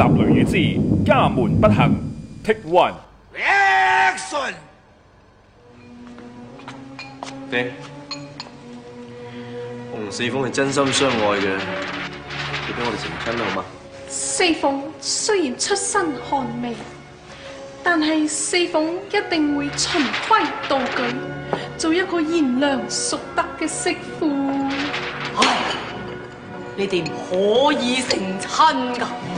希臘雷雨之，家門不幸，Take one。Action，我同四鳳係真心相愛嘅，你俾我哋成親啦，好嗎？四鳳雖然出身寒微，但係四鳳一定會循規蹈矩，做一個賢良淑德嘅媳婦。唉，你哋唔可以成親㗎。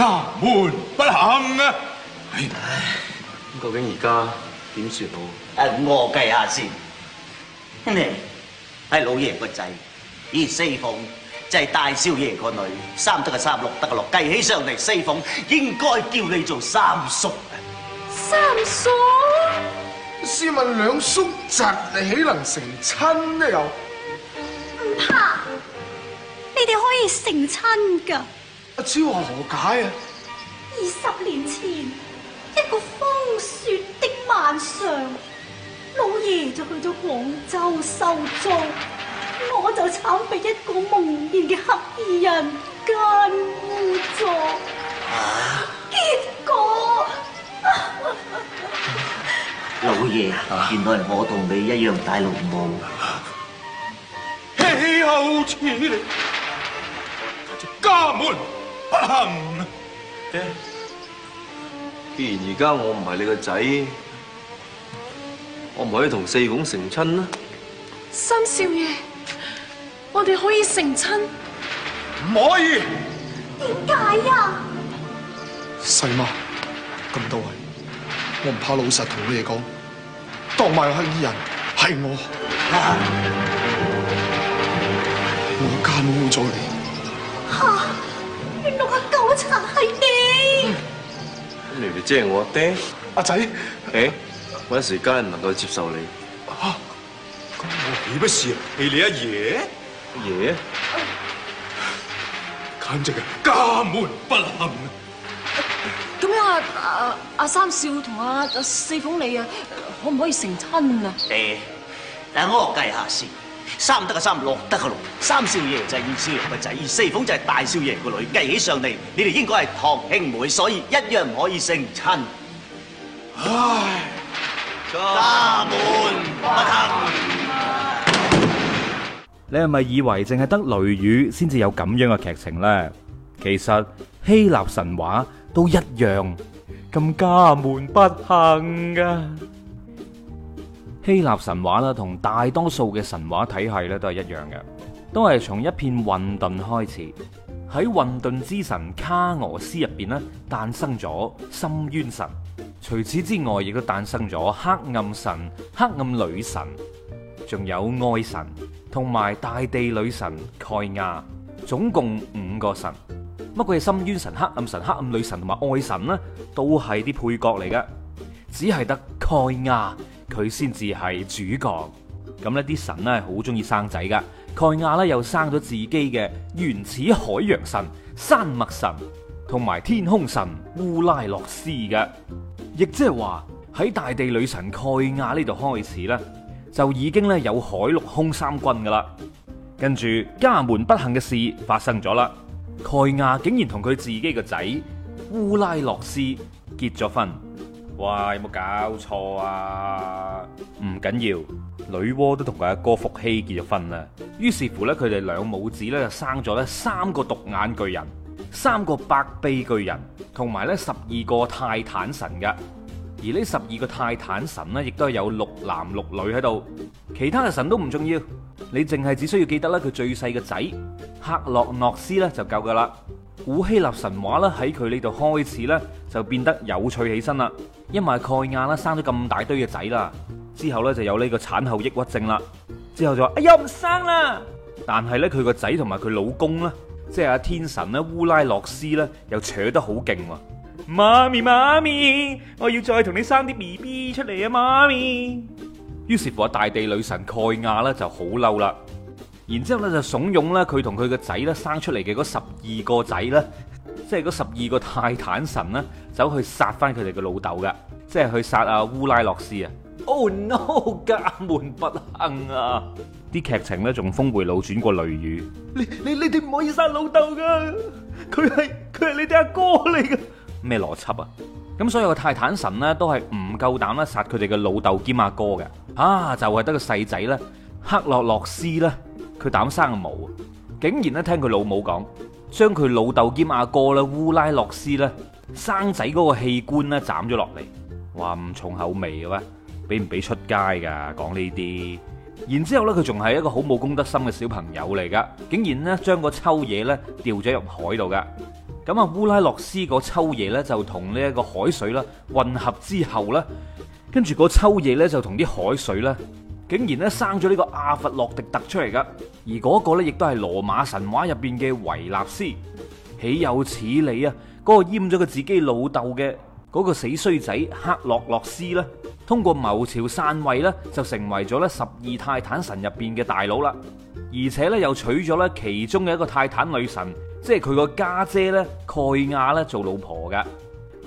家門不幸啊！唉，咁究竟而家點算好？誒，我計下先。你係老爺個仔，而四鳳即係大少爺個女，三得嘅三，六得嘅六，計起上嚟，四鳳應該叫你做三叔啊。三叔，試問兩叔侄你豈能成親呢？又唔怕，你哋可以成親噶。一朝何解啊？二十年前，一個風雪的晚上，老爺就去咗廣州收租，我就慘被一個蒙面嘅黑衣人奸污咗。啊！結果，老爺，原來我同你一樣戴綠帽，豈有此理，家門。嗯、既然而家我唔係你個仔，我唔可以同四鳳成親啦。三少爺，我哋可以成親？唔可以？點解呀？細媽，咁多位，我唔怕老實同你哋講，當埋黑衣人係我，啊、我奸污咗你。吓、啊！真、就、係、是、你，你明即係我爹阿仔。誒，hey, 我一時間唔能夠接受你、啊。咁我豈不是係你阿爺？爺、yeah? 啊，簡直係家門不幸啊啊。咁樣阿阿三少同阿、啊、四鳳你啊，可唔可以成親啊？爹，等我計下先。三德嘅三，六德嘅六，三少爺就係二少爺個仔，而四鳳就係大少爺個女。計起上嚟，你哋應該係堂兄妹，所以一樣唔可以成親。唉，家門不幸。你係咪以為淨係得雷雨先至有咁樣嘅劇情咧？其實希臘神話都一樣，咁家門不幸㗎！希臘神話啦，同大多數嘅神話體系咧都係一樣嘅，都係從一片混沌開始。喺混沌之神卡俄斯入邊，咧，誕生咗深淵神。除此之外，亦都誕生咗黑暗神、黑暗女神，仲有愛神，同埋大地女神蓋亞。總共五個神。乜鬼深淵神、黑暗神、黑暗女神同埋愛神呢都係啲配角嚟嘅，只係得蓋亞。佢先至係主角，咁呢啲神呢，好中意生仔噶，蓋亞呢，又生咗自己嘅原始海洋神、山脈神同埋天空神烏拉洛斯嘅，亦即係話喺大地女神蓋亞呢度開始呢，就已經呢有海陸空三軍噶啦，跟住家門不幸嘅事發生咗啦，蓋亞竟然同佢自己個仔烏拉洛斯結咗婚。哇！有冇搞錯啊？唔緊要，女媧都同佢阿哥伏羲結咗婚啦。於是乎咧，佢哋兩母子呢，就生咗呢三個獨眼巨人、三個百臂巨人，同埋呢十二個泰坦神㗎。而呢十二個泰坦神呢，亦都係有六男六女喺度。其他嘅神都唔重要，你淨係只需要記得咧佢最細嘅仔克洛諾斯呢，就夠噶啦。古希臘神話啦，喺佢呢度開始咧就變得有趣起身啦。因為蓋亞啦，生咗咁大堆嘅仔啦，之後咧就有呢個產後抑鬱症啦，之後就話哎呀唔生啦。但係咧佢個仔同埋佢老公咧，即係阿天神咧烏拉諾斯咧，又扯得好勁喎。媽咪媽咪，我要再同你生啲 B B 出嚟啊，媽咪。於是乎，大地女神蓋亞咧就好嬲啦。然之後咧就慫恿咧佢同佢個仔咧生出嚟嘅嗰十二個仔咧，即係嗰十二個泰坦神咧，走去殺翻佢哋嘅老豆噶，即係去殺阿烏拉洛斯啊！Oh no！家門不幸啊！啲劇情咧仲峰回路轉過雷雨，你你你哋唔可以殺老豆噶，佢係佢係你哋阿哥嚟噶，咩邏輯啊？咁所有嘅泰坦神咧都係唔夠膽啦殺佢哋嘅老豆兼阿哥嘅，啊就係、是、得個細仔咧，克洛洛斯啦。佢膽生毛，啊，竟然咧聽佢老母講，將佢老豆兼阿哥啦，烏拉洛斯咧生仔嗰個器官咧斬咗落嚟，哇唔重口味嘅咩？俾唔俾出街噶？講呢啲，然之後咧佢仲係一個好冇公德心嘅小朋友嚟噶，竟然咧將個抽嘢咧掉咗入海度噶，咁啊烏拉洛斯嗰抽嘢咧就同呢一個海水啦混合之後咧，跟住嗰抽嘢咧就同啲海水咧。竟然咧生咗呢個阿佛洛狄特出嚟噶，而嗰個咧亦都係羅馬神話入邊嘅維納斯。豈有此理啊！嗰、嗰個閹咗佢自己老豆嘅嗰個死衰仔克洛洛斯咧，通過謀朝篡位咧，就成為咗咧十二泰坦神入邊嘅大佬啦。而且咧又娶咗咧其中嘅一個泰坦女神，即係佢個家姐咧蓋亞咧做老婆噶。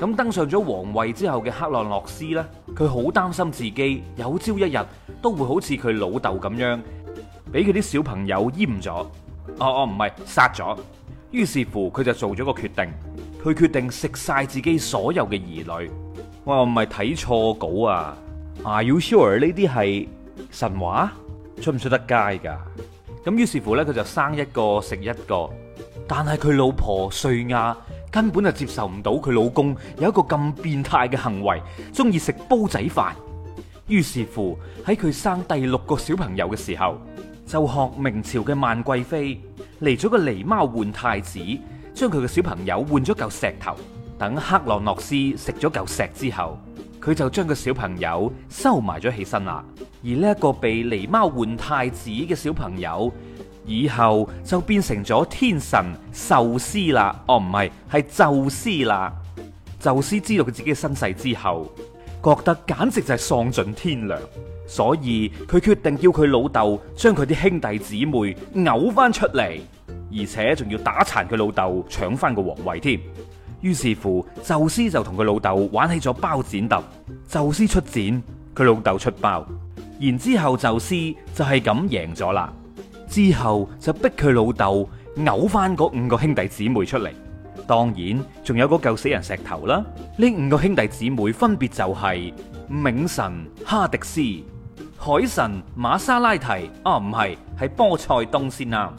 咁登上咗皇位之後嘅克洛諾斯呢，佢好擔心自己有朝一日都會好似佢老豆咁樣，俾佢啲小朋友閹咗。哦哦，唔係殺咗。於是乎，佢就做咗個決定，佢決定食晒自己所有嘅兒女。我唔係睇錯稿啊！Are you sure 呢啲係神話？出唔出得街噶？咁於是乎呢，佢就生一個，食一個。但係佢老婆瑞亞、啊。根本就接受唔到佢老公有一個咁變態嘅行為，中意食煲仔飯。於是乎，喺佢生第六個小朋友嘅時候，就學明朝嘅萬貴妃嚟咗個狸貓換太子，將佢嘅小朋友換咗嚿石頭。等克洛諾斯食咗嚿石之後，佢就將個小朋友收埋咗起身啦。而呢一個被狸貓換太子嘅小朋友。以後就變成咗天神壽司啦，哦，唔係，係宙斯啦。宙斯知道佢自己嘅身世之後，覺得簡直就係喪盡天良，所以佢決定叫佢老豆將佢啲兄弟姊妹嘔翻出嚟，而且仲要打殘佢老豆，搶翻個王位添。於是乎，宙斯就同佢老豆玩起咗包剪揼，宙斯出剪，佢老豆出包，然之後宙斯就係咁贏咗啦。之後就逼佢老豆嘔翻嗰五個兄弟姊妹出嚟，當然仲有嗰嚿死人石頭啦。呢五個兄弟姊妹分別就係冥神哈迪斯、海神馬沙拉提啊不是，唔係係波塞冬先啊、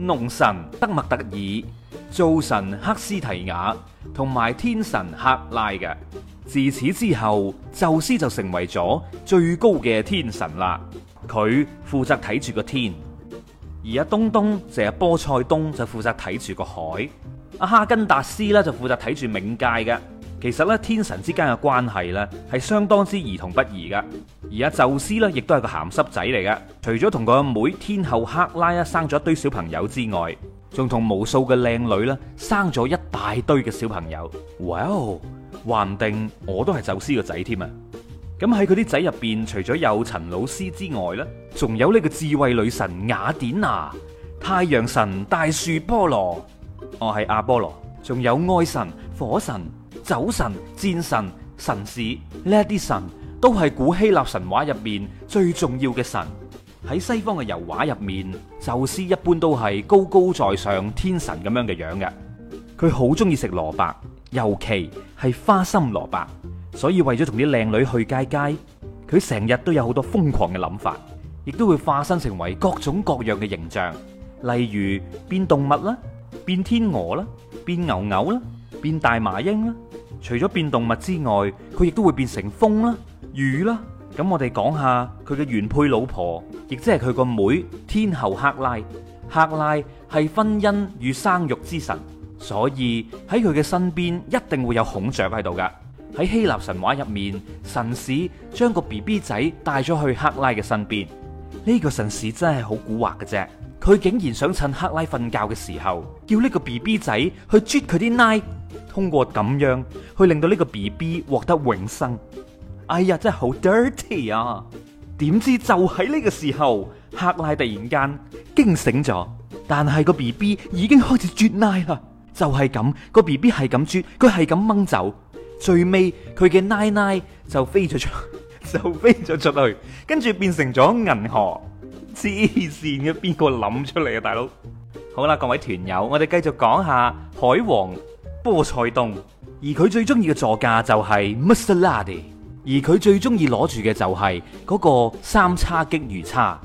農神德墨特爾、灶神赫斯提亞同埋天神赫拉嘅。自此之後，宙斯就成為咗最高嘅天神啦。佢負責睇住個天。而阿東東就係波塞冬，就負責睇住個海；阿哈根達斯啦就負責睇住冥界嘅。其實咧，天神之間嘅關係咧係相當之兒童不宜噶。而阿宙斯咧，亦都係個鹹濕仔嚟噶。除咗同個阿妹天后赫拉啊，生咗一堆小朋友之外，仲同無數嘅靚女啦生咗一大堆嘅小朋友。哇哦，話唔定我都係宙斯個仔添啊！咁喺佢啲仔入邊，除咗有陳老師之外呢，仲有呢個智慧女神雅典娜、太陽神大樹菠蘿，我係阿波羅，仲有愛神、火神、酒神、戰神、神使呢一啲神，都係古希臘神話入面最重要嘅神。喺西方嘅油畫入面，宙斯一般都係高高在上天神咁樣嘅樣嘅。佢好中意食蘿蔔，尤其係花心蘿蔔。所以為咗同啲靚女去街街，佢成日都有好多瘋狂嘅諗法，亦都會化身成為各種各樣嘅形象，例如變動物啦，變天鵝啦，變牛牛啦，變大麻鷹啦。除咗變動物之外，佢亦都會變成風啦、雨啦。咁我哋講下佢嘅原配老婆，亦即係佢個妹天後赫拉。赫拉係婚姻與生育之神，所以喺佢嘅身邊一定會有孔雀喺度㗎。喺希臘神話入面，神使將個 B B 仔帶咗去克拉嘅身邊。呢個神使真係好蠱惑嘅啫，佢竟然想趁克拉瞓覺嘅時候，叫呢個 B B 仔去啜佢啲奶，通過咁樣去令到呢個 B B 獲得永生。哎呀，真係好 dirty 啊！點知就喺呢個時候，克拉突然間驚醒咗，但係個 B B 已經開始啜奶啦。就係咁，個 B B 係咁啜，佢係咁掹走。最尾佢嘅奶奶就飛咗出，就飛咗出去，跟住變成咗銀河，黐線嘅邊個諗出嚟啊，大佬！好啦，各位團友，我哋繼續講下海王波塞冬。而佢最中意嘅座駕就係 Maserati 而佢最中意攞住嘅就係嗰個三叉戟魚叉，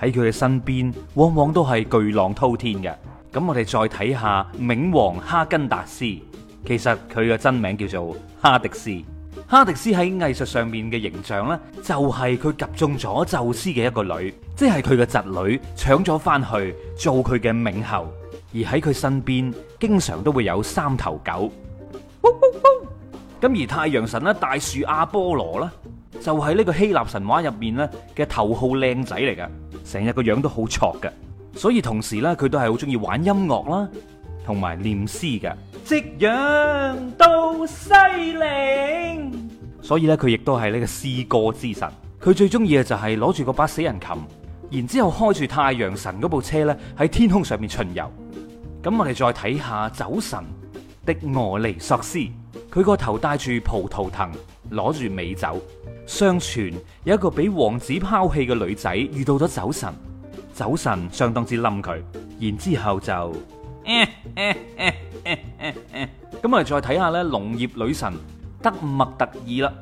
喺佢嘅身邊往往都係巨浪滔天嘅。咁我哋再睇下冥王哈根達斯。其實佢嘅真名叫做哈迪斯，哈迪斯喺藝術上面嘅形象呢，就係佢及中咗宙斯嘅一個女，即係佢嘅侄女搶咗翻去做佢嘅冥后，而喺佢身邊經常都會有三頭狗。咁而太陽神啦，大樹阿波羅啦，就係呢個希臘神話入面咧嘅頭號靚仔嚟㗎，成日個樣都好挫噶，所以同時呢，佢都係好中意玩音樂啦。同埋念詩嘅，夕陽到西嶺。所以咧，佢亦都係呢個詩歌之神。佢最中意嘅就係攞住個把死人琴，然之後開住太陽神嗰部車咧喺天空上面巡遊。咁我哋再睇下酒神狄俄尼索斯，佢個頭戴住葡萄藤，攞住美酒。相傳有一個俾王子拋棄嘅女仔遇到咗酒神，酒神相當之冧佢，然之後就。咁 啊、嗯，嗯嗯嗯嗯、我再睇下咧，農業女神德墨特爾啦，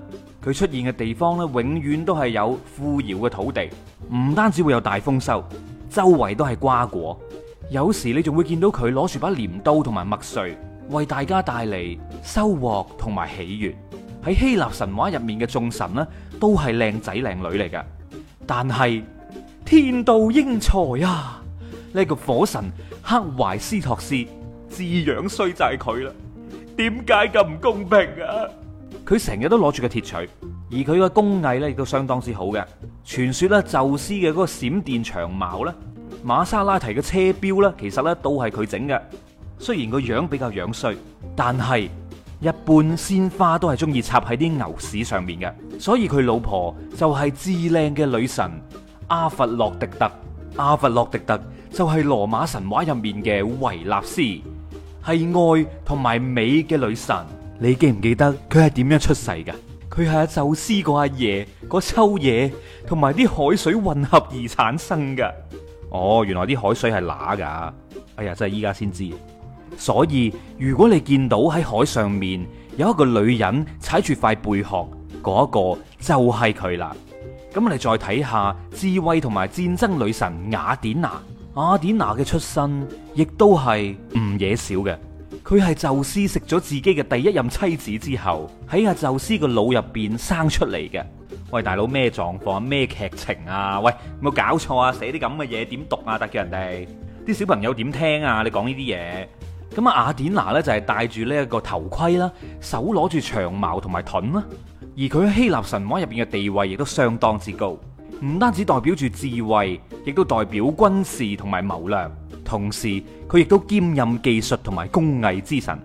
佢出現嘅地方咧，永遠都係有富饒嘅土地，唔單止會有大豐收，周圍都係瓜果，有時你仲會見到佢攞住把鐮刀同埋麥穗，為大家帶嚟收穫同埋喜悅。喺希臘神話入面嘅眾神呢，都係靚仔靚女嚟噶，但係天妒英才啊！呢個火神。克懷斯托斯字樣衰就係佢啦，點解咁唔公平啊？佢成日都攞住個鐵錘，而佢個工藝咧亦都相當之好嘅。傳說咧宙斯嘅嗰個閃電長矛呢，瑪莎拉提嘅車標咧，其實咧都係佢整嘅。雖然個樣比較樣衰，但係一般鮮花都係中意插喺啲牛屎上面嘅。所以佢老婆就係至靚嘅女神阿佛洛狄特，阿佛洛狄特。就係、是、羅馬神話入面嘅維納斯，係愛同埋美嘅女神。你記唔記得佢係點樣出世㗎？佢係阿宙斯個阿爺個秋夜同埋啲海水混合而產生噶。哦，原來啲海水係乸噶。哎呀，真係依家先知道。所以如果你見到喺海上面有一個女人踩住塊貝殼，嗰、那、一個就係佢啦。咁我哋再睇下智慧同埋戰爭女神雅典娜。阿典娜嘅出身亦都係唔惹少嘅，佢係宙斯食咗自己嘅第一任妻子之後，喺阿宙斯嘅腦入邊生出嚟嘅。喂，大佬咩狀況啊？咩劇情啊？喂，有冇搞錯啊？寫啲咁嘅嘢點讀啊？得叫人哋啲小朋友點聽啊？你講呢啲嘢，咁啊，雅典娜呢，就係、是、戴住呢一個頭盔啦，手攞住長矛同埋盾啦，而佢喺希臘神話入邊嘅地位亦都相當之高。唔單止代表住智慧，亦都代表軍事同埋謀略，同時佢亦都兼任技術同埋工藝之神，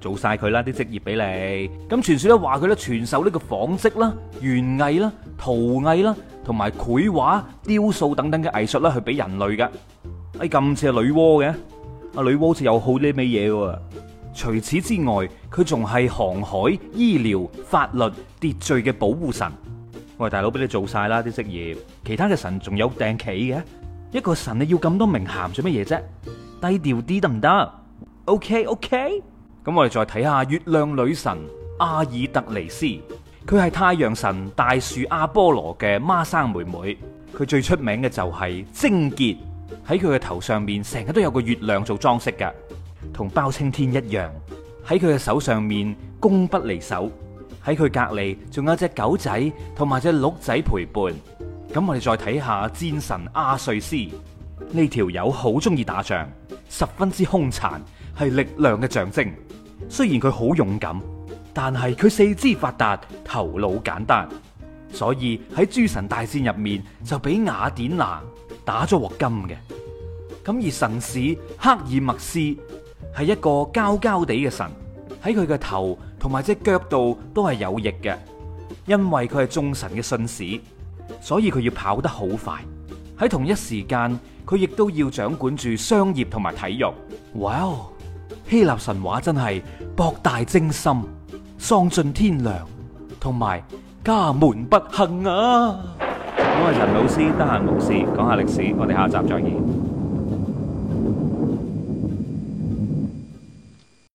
做晒佢啦啲職業俾你。咁傳說都話佢咧傳授呢個紡織啦、原藝啦、陶藝啦同埋繪畫、雕塑等等嘅藝術啦，去俾人類嘅。哎，咁似係女媧嘅，阿女媧就有好呢味嘢嘅。除此之外，佢仲係航海、醫療、法律、秩序嘅保護神。喂，大佬，俾你做晒啦啲職業，其他嘅神仲有訂企嘅，一個神你要咁多名銜做乜嘢啫？低調啲得唔得？OK OK，咁我哋再睇下月亮女神阿爾特尼斯，佢係太陽神大樹阿波羅嘅孖生妹妹，佢最出名嘅就係貞潔，喺佢嘅頭上面成日都有個月亮做裝飾噶，同包青天一樣，喺佢嘅手上面弓不離手。喺佢隔籬仲有隻狗仔同埋隻鹿仔陪伴，咁我哋再睇下戰神阿瑞斯，呢條友好中意打仗，十分之兇殘，係力量嘅象徵。雖然佢好勇敢，但係佢四肢發達，頭腦簡單，所以喺諸神大戰入面就俾雅典娜打咗鑊金嘅。咁而神使赫爾墨斯係一個膠膠地嘅神。喺佢嘅頭同埋隻腳度都係有翼嘅，因為佢係眾神嘅信使，所以佢要跑得好快。喺同一時間，佢亦都要掌管住商業同埋體育。哇，Wow，希臘神話真係博大精深，喪盡天良，同埋家門不幸啊！我係陳老師，得閒無事講下歷史，我哋下集再見。